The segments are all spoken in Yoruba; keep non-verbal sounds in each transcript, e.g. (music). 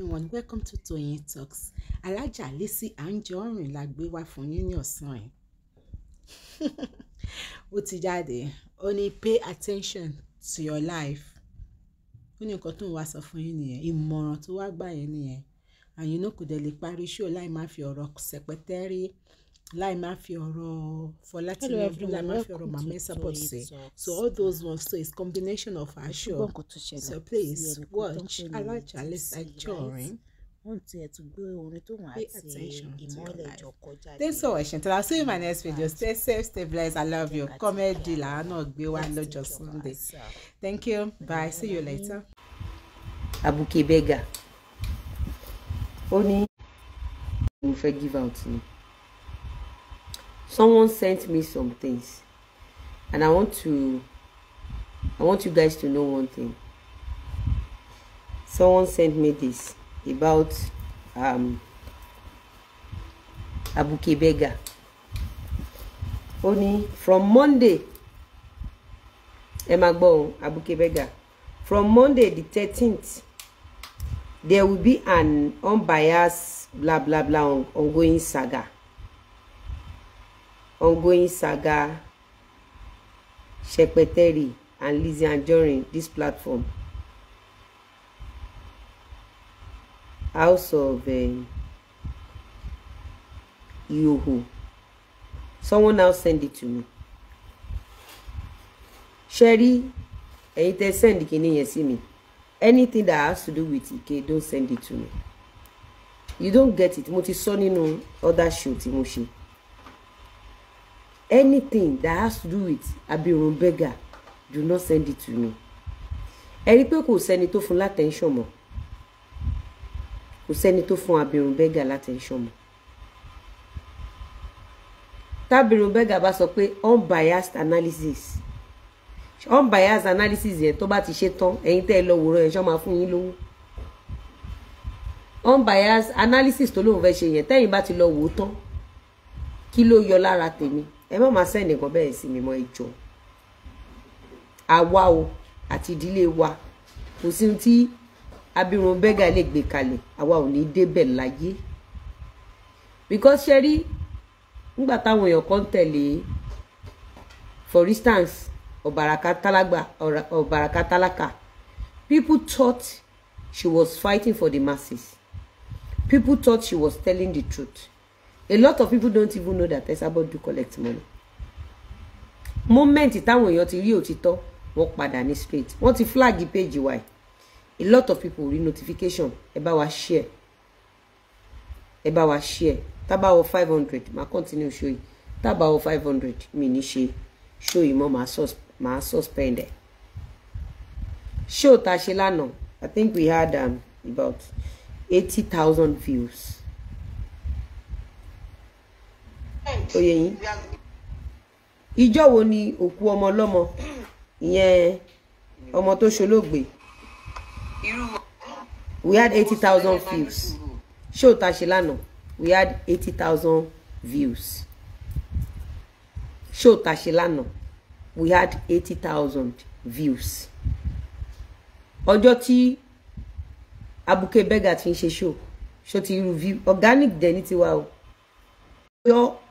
everyone welcome to Toyeen Talks alájà Lizzy Anjorin la gbé wá fún yín ní ọ̀sán ẹ̀ (laughs) ó ti jáde ó ní pay attention to your life ó ní nǹkan tó ń wá sọ fún yín nìyẹn ìmọ̀ràn tó wá gbà yín nìyẹn àyìnbó kò dẹ̀ lè parí ṣó láì má fi ọ̀rọ̀ sẹ̀pẹ̀tẹ́rì láì máa fi ọ̀rọ̀ Fọlátinúbú láì máa fi ọ̀rọ̀ Mama Esabod sí so all those ones so it's combination of aṣọ so please watch Aláàjà lẹ́sàájọ́ rẹ̀ wọ́n ti ẹ̀ thanks for watching till i see you in my next video stay safe stay blessed i love you comedy làwọn náà gbé wá lọ́jọ́ sunday thank you bye see you later. abuke bega ó ní òun give out ni someone sent me some things and i want to i want you guys to know one thing someone sent me this about um abuke beggar ó from monday ẹ máa abuke beggar from monday the thirteenth there will be an unbiased blah blah blah ongoing saga ongoing saga Shepeteri and Lizzy Anjorin this platform House of um, Ihoho someone now send it to me Sherry ẹ̀yin tẹ́ send kinní yẹn sí mi anything that has to do with Ike don't send it to me you don't get it Moti ti no other show tí anything that has to do with abirun beggar do not send it to me ẹ i pé kò sẹ́ni tó fún látẹ̀ńṣọ̀ mọ́ kò sẹ́ni tó fún abirun beggar látẹ̀ńṣọ̀ mọ́ tábìrún bẹ́gà bá sọ pé unbiased analysis unbiased analysis yẹn tó bá ti ṣe tán ẹ̀yin tẹ́ ẹ lọ wòran ẹ̀ṣọ́ máa fún yín lówó unbiased analysis tó lóun fẹ́ ṣe yẹn tẹ́yìn bá ti lọ wò ó tán kí ló yọ lára tèmi ẹ má máa sẹ́ni nǹkan bẹ́ẹ̀ sí mi mọ́ ìjọ àwa o àti ìdílé wa kò sí ohun tí bẹ́gà lè gbé kalẹ̀ àwa ò ní débẹ̀ láyé because ṣe rí nígbà táwọn èèyàn kan tẹ̀lé for instance ọ̀bàràkà tálágbà ọ̀bàràkà tálákà people thought she was fighting for the masses people thought she was telling the truth a lot of people don't even know that Esabod do collect money moment táwọn èèyàn ti rí òtítọ́ wọ́n padà ní straight wọ́n ti flag page wa a lot of people rí notification ẹ bá wa share ẹ bá wa share tábà wọ five hundred máa continue show yìí tábà wọ five hundred mi ní ṣe show yìí mọ́ máa suspend ẹ̀ show tá a ṣe lánàá I think we had um, about eighty thousand views. oyè yín ìjọ wo ni òkú ọmọ ọlọ́mọ ìyẹn ọmọ tó ṣolóògbé we had eighty thousand views show tá ṣe lánàá we had eighty thousand views show tá ṣe lánàá we had eighty thousand views ọjọ́ tí abuke berger ti ń ṣe show show ti review organic dẹ̀ ní tiwa o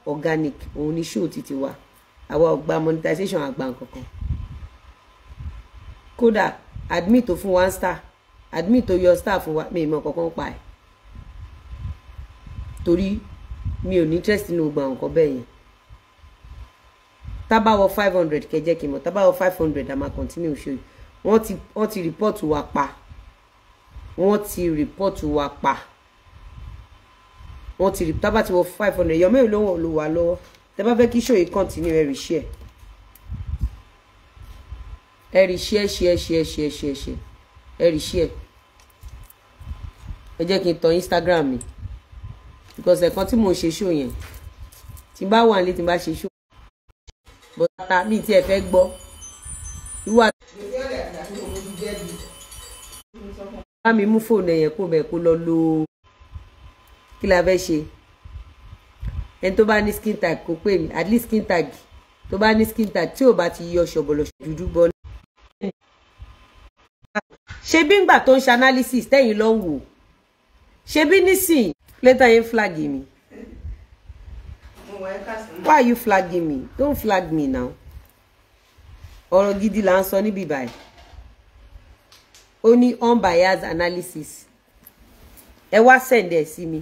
organic òun ni show ti ti wa àwa ò monetization àgbà kankan kódà admit tó fún one star admin tó yọ star fún wa mi ìmọ̀ kankan pa ẹ̀ torí mi ò ní interest nínú gbogbo àwọn nǹkan bẹ́ẹ̀ yẹn tábà five hundred kẹjẹ kìmọ tábà five hundred àmà continue show wọ́n ti wọ́n ti report wa pa wọ́n ti report wa pa wọ́n ti rí tábà ti wọ five hundred èèyàn mẹ́rin ló wọ̀ ló wà lọ́wọ́ tẹ bá fẹ́ kí ṣòye continue ẹ̀rì ṣe ẹ̀ ẹ̀rì ṣe ẹ̀ ṣe ẹ̀ ṣe ẹ̀ ṣe ẹ̀ ṣe ẹ jẹ́ kí n tọ Instagram mi because ẹ̀kan tí mò ń ṣe ṣó yẹn tí bá wà nílé tí bá ṣe ṣó bọ́tà mi tí ẹ fẹ́ gbọ́ ìwà bá mi mú fóònù ẹ̀yẹn kó bẹ̀ kó lọ lo kí la fẹ́ ṣe ẹni tó bá ní skin tag kó pè mí at least skin tag tó bá ní skin tag tí ò bá ti yọ ṣọ̀bọ̀lọ̀ dúdú bọ́ ṣe bí ngbà tó ń ṣe analysis tẹ́yìn ló ń wò ṣe bí nísìn later yẹn flag mi why are you flagging me don't flag me now ọ̀rọ̀ gidi là ń sọ níbí báyìí ó ní unbiased analysis ẹ wá send ẹ sí mi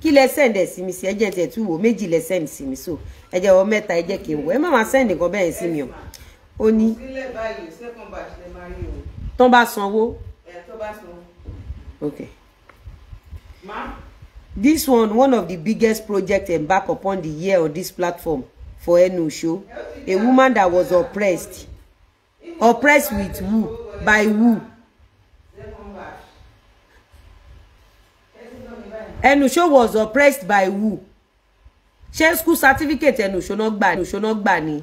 kí lẹ send ẹ sí mi sí ẹjẹ tẹ tú wò méjì lẹ send sí mi so ẹjẹ wọ mẹ́ta ẹjẹ kí n wọ ẹ má máa send nǹkan bẹ́ẹ̀ sí mi o ó ní. sílẹ̀ bá sanwó. ẹ this one one of the biggest projects embark upon the year on this platform for Enu Show a woman that was oppressed oppressed with who by who ẹnusho was oppressed by who ṣé school certificate ẹnusho náà gbà ẹnusho náà gbà ni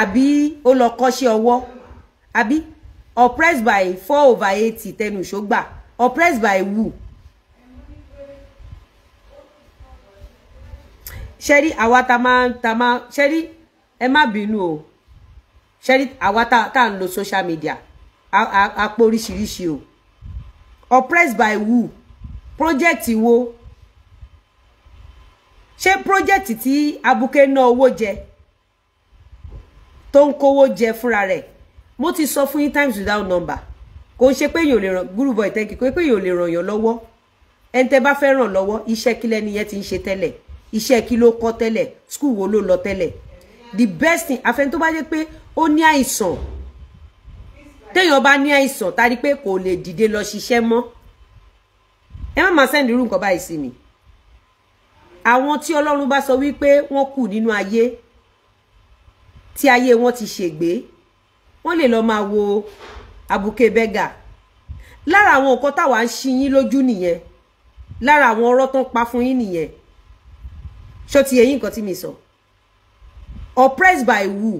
àbí ó lọ kọ́ṣẹ́ ọwọ́ àbí oppressed by four over eighty tẹnusho gbà oppressed by who. ṣẹ́rí àwa ta máa ta máa ṣẹ́rí ẹ má bínú o ṣẹ́rí àwa ta tá à ń lo social media àpò oríṣiríṣi o oppressed by who project wo ṣé project tí abuké ná owó jẹ tó ń kówó jẹ fúnra rẹ̀ mo ti sọ fún yín times without number kò ń ṣe pé èèyàn ò lè ràn gúrùbọ ìtẹkì pé èèyàn ò lè ràn yàn lọ́wọ́ ẹni tẹ́ bá fẹ́ ràn lọ́wọ́ iṣẹ́ kí lẹni yẹn ti ń ṣe tẹ́lẹ̀ iṣẹ́ kí ló kọ́ tẹ́lẹ̀ skul wo ló lọ tẹ́lẹ̀ the best thing àfẹn tó bá jẹ́ pé ó ní àìsàn téèyàn bá ní àìsàn tá a rí pé kò lè dìde lọ ṣiṣẹ́ mọ́ ẹ má máa sẹ́ndì irú nǹkan báyìí sí mi àwọn tí ọlọ́run bá sọ wípé wọ́n kù nínú ayé tí ayé wọn ti ṣègbè wọ́n lè lọ máa wo abuké bẹ́gà lára àwọn nǹkan táwa ń ṣí yín lójú nìyẹn lára àwọn ọ̀rọ̀ tó ń pa fún yín nìyẹn ṣó ti eyín nǹkan tí mi sọ oppressed by who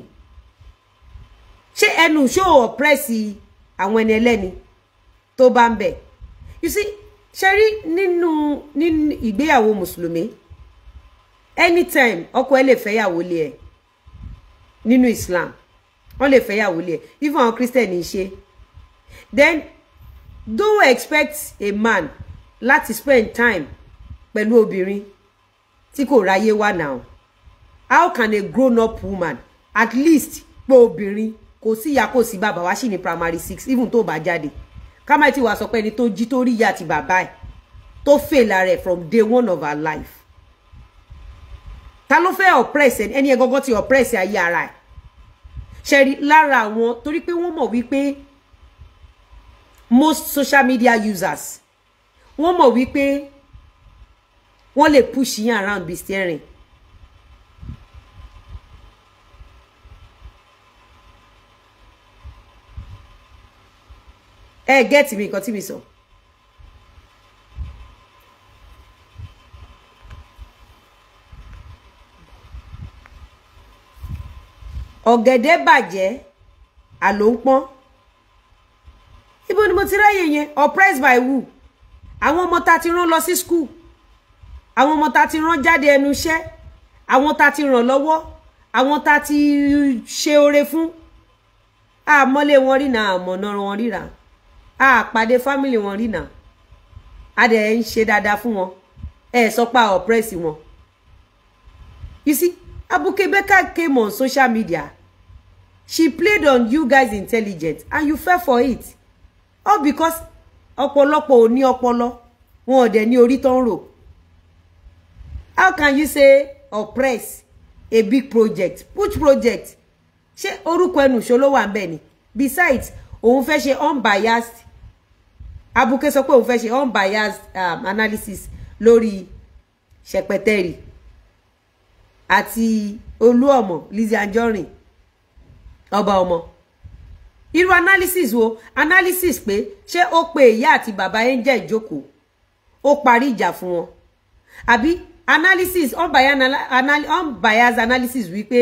ṣé ẹnu ṣó oppress àwọn ẹni ẹlẹ́ni tó bá ń bẹ̀ you see ṣe rí nínú nínú ìgbéyàwó mùsùlùmí anytime ọkọ ẹ lè fẹ́yàwó lé ẹ nínú Islam wọ́n lè fẹ́yàwó lé ẹ even àwọn Christian ń ṣe then do expect a man láti spend time pẹ̀lú obìnrin tí kò ráyé wá now how can a grown up woman at least pé obìnrin kò sí ìyá kò sí bàbá wá sí ní primary six even tó bá jáde ká má ti wà sọ pé ẹni tó jí tó rí ìyá àti bàbá ẹ̀ tó fail ara ẹ̀ from day one of her life ta ló fẹ́ oppress ẹni ẹ̀ gangan ti oppress ayé ara ẹ̀ ṣẹ̀rí lára àwọn torí pé wọ́n mọ̀ wípé most social media users wọ́n mọ̀ wípé wọ́n lè push yín around bí steering ẹ gẹ́ẹ̀tì mi nǹkan tí mi sọ. ọ̀gẹ̀dẹ̀ bàjẹ́ àlò ń pọ́n ibo ni mo ti ráyè yẹn oppressed by who àwọn ọmọ ta ti rán lọ sí school àwọn ọmọ ta ti rán jáde ẹnu iṣẹ́ àwọn ta ti ràn lọ́wọ́ àwọn ta ti ṣe oore fún àmọ́lé wọn rí na àmọ̀nà wọn ríra a pàdé family wọn rí náà a dẹ̀ ń ṣe dáadáa fún wọn ẹ sọ pa oppress wọn you see Abuke Baker came on social media she played on you guys intelligence and you fell for it all because ọ̀pọ̀lọpọ̀ ò ní ọpọlọ wọn ò dẹ̀ ní orí tó rò how can you say oppress a big project which project ṣé orúkọ ẹnu ṣó ló ń bẹ ni besides òun fẹ́ ṣe unbiased abuke sọ pé òun fẹ́ ṣe unbiased um, analysis lórí ṣẹpẹtẹrì àti olúọmọ Lizzy Anjorin ọba ọmọ irú analysis wo analysis pé ṣé ó pe ìyá àti bàbá angel ìjókòó ó parí ìjà fún wọn àbí analysis unbiased analysis wípé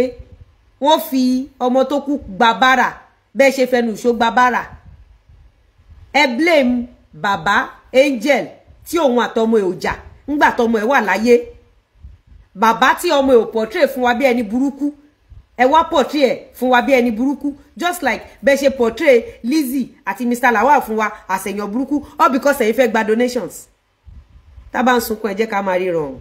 wọ́n fi ọmọ tó kú gba bára bẹ́ẹ̀ ṣe fẹnu ìṣó gba bára ẹ blame bàbá angel tí òun àtọmọ ẹ̀ ò jà ńgbà tọmọ ẹ̀ wà láyé bàbá tí ọmọ ẹ̀ ò portray fún wa bí ẹni burúkú ẹ wá portray ẹ̀ fún wa bí ẹni burúkú just like bẹ́ ṣe portray Lizzie àti Mr Lawal fún wa àṣẹyàn burúkú all because ẹ̀yin fẹ́ gba donations tá bá ń sunkún ẹ jẹ́ ká máa ríran o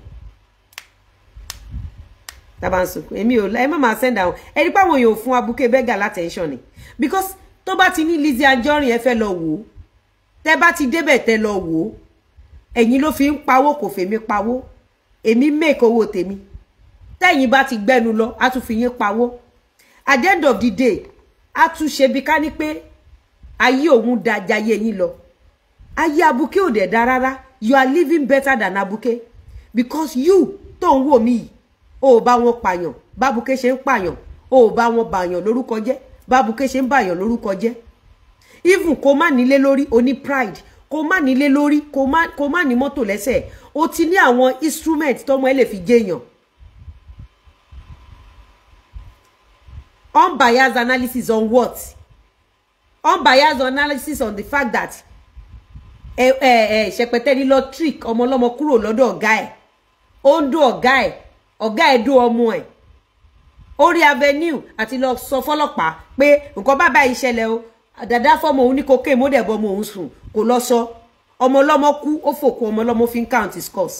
tàbá ń sunkún èmi ò ẹ má máa send àwọn ẹni pé àwọn èèyàn ò fún abuké bẹ́gà látẹ̀ńṣọ̀ ni because tó bá ti ní Lizzy Anjorin ẹ fẹ́ lọ wò tẹ́ bá ti débẹ̀ tẹ́ lo wò ó ẹ̀yin ló fi ń pawó kò fèmí pawó èmi make owó tèmi tẹ́yìn bá ti gbẹ́nu lọ a tún fi yín pawó at the end of the day a tún ṣe bí ká ní pé ayé òun da jayé yín lọ ayé abuké ò dẹ̀ da you are living better than abuke, because you tó ń wò mí o bá wọn pààyàn bábuké ṣe ń pààyàn o bá wọn bààyàn lórúkọ jẹ́ bábuké ṣe ń bààyàn lórúkọ jẹ́ even kó má nílé lórí o ní pride kó má nílé lórí kó má ní mọ́tò lẹ́sẹ̀ o ti ní àwọn instrument tọmọ ẹ lè fi jẹyàn. unbiased analysis on what unbiased analysis on the fact that ẹ ẹ ẹ ṣẹpẹtẹ ni lọ trick ọmọ ọlọmọ kúrò lọ́dọ̀ ọ̀gá ẹ̀ ó ń dó ọ̀gá ẹ̀ ọ̀gá ẹ̀ dó ọmọ ẹ̀ orí avenue àti lọ sọ fọ́lọ́pàá pé nǹkan bàbá yìí ṣẹlẹ̀ o dàdá fọmọ òun ní cocaine mo dẹ̀ bọ ọmọ òun sùn kò lọ sọ ọmọ ọlọ́mọ kú ó fòkú ọmọ ọlọ́mọ fi ń count his scores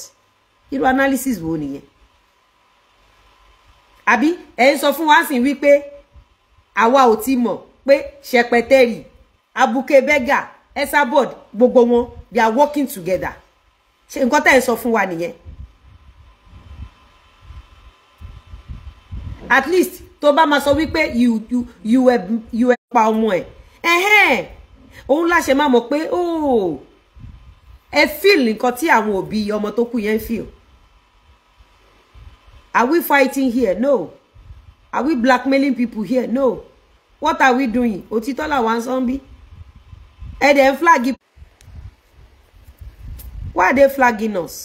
irú analysis wo nìyẹn àbí ẹ ń sọ fún wa sì wípé àwa ò ti mọ̀ pé ṣẹpẹtẹrì abuke bega esabod gbogbo wọn they are working together ṣe nǹkan tẹ́ ẹ sọ fún wa nìyẹn at least tó bá máa sọ wípé you you you were you were pa ọmọ ẹ̀ ẹ̀hẹ́n òun láṣẹ máa mọ̀ pé óò ẹ fíìl nǹkan tí àwọn òbí ọmọ tó kú yẹn ń fíìl are we fighting here no are we blackmailing people here no what are we doing òtítọ́ làwọn sọ ń bí ẹ flag why are they flagging us.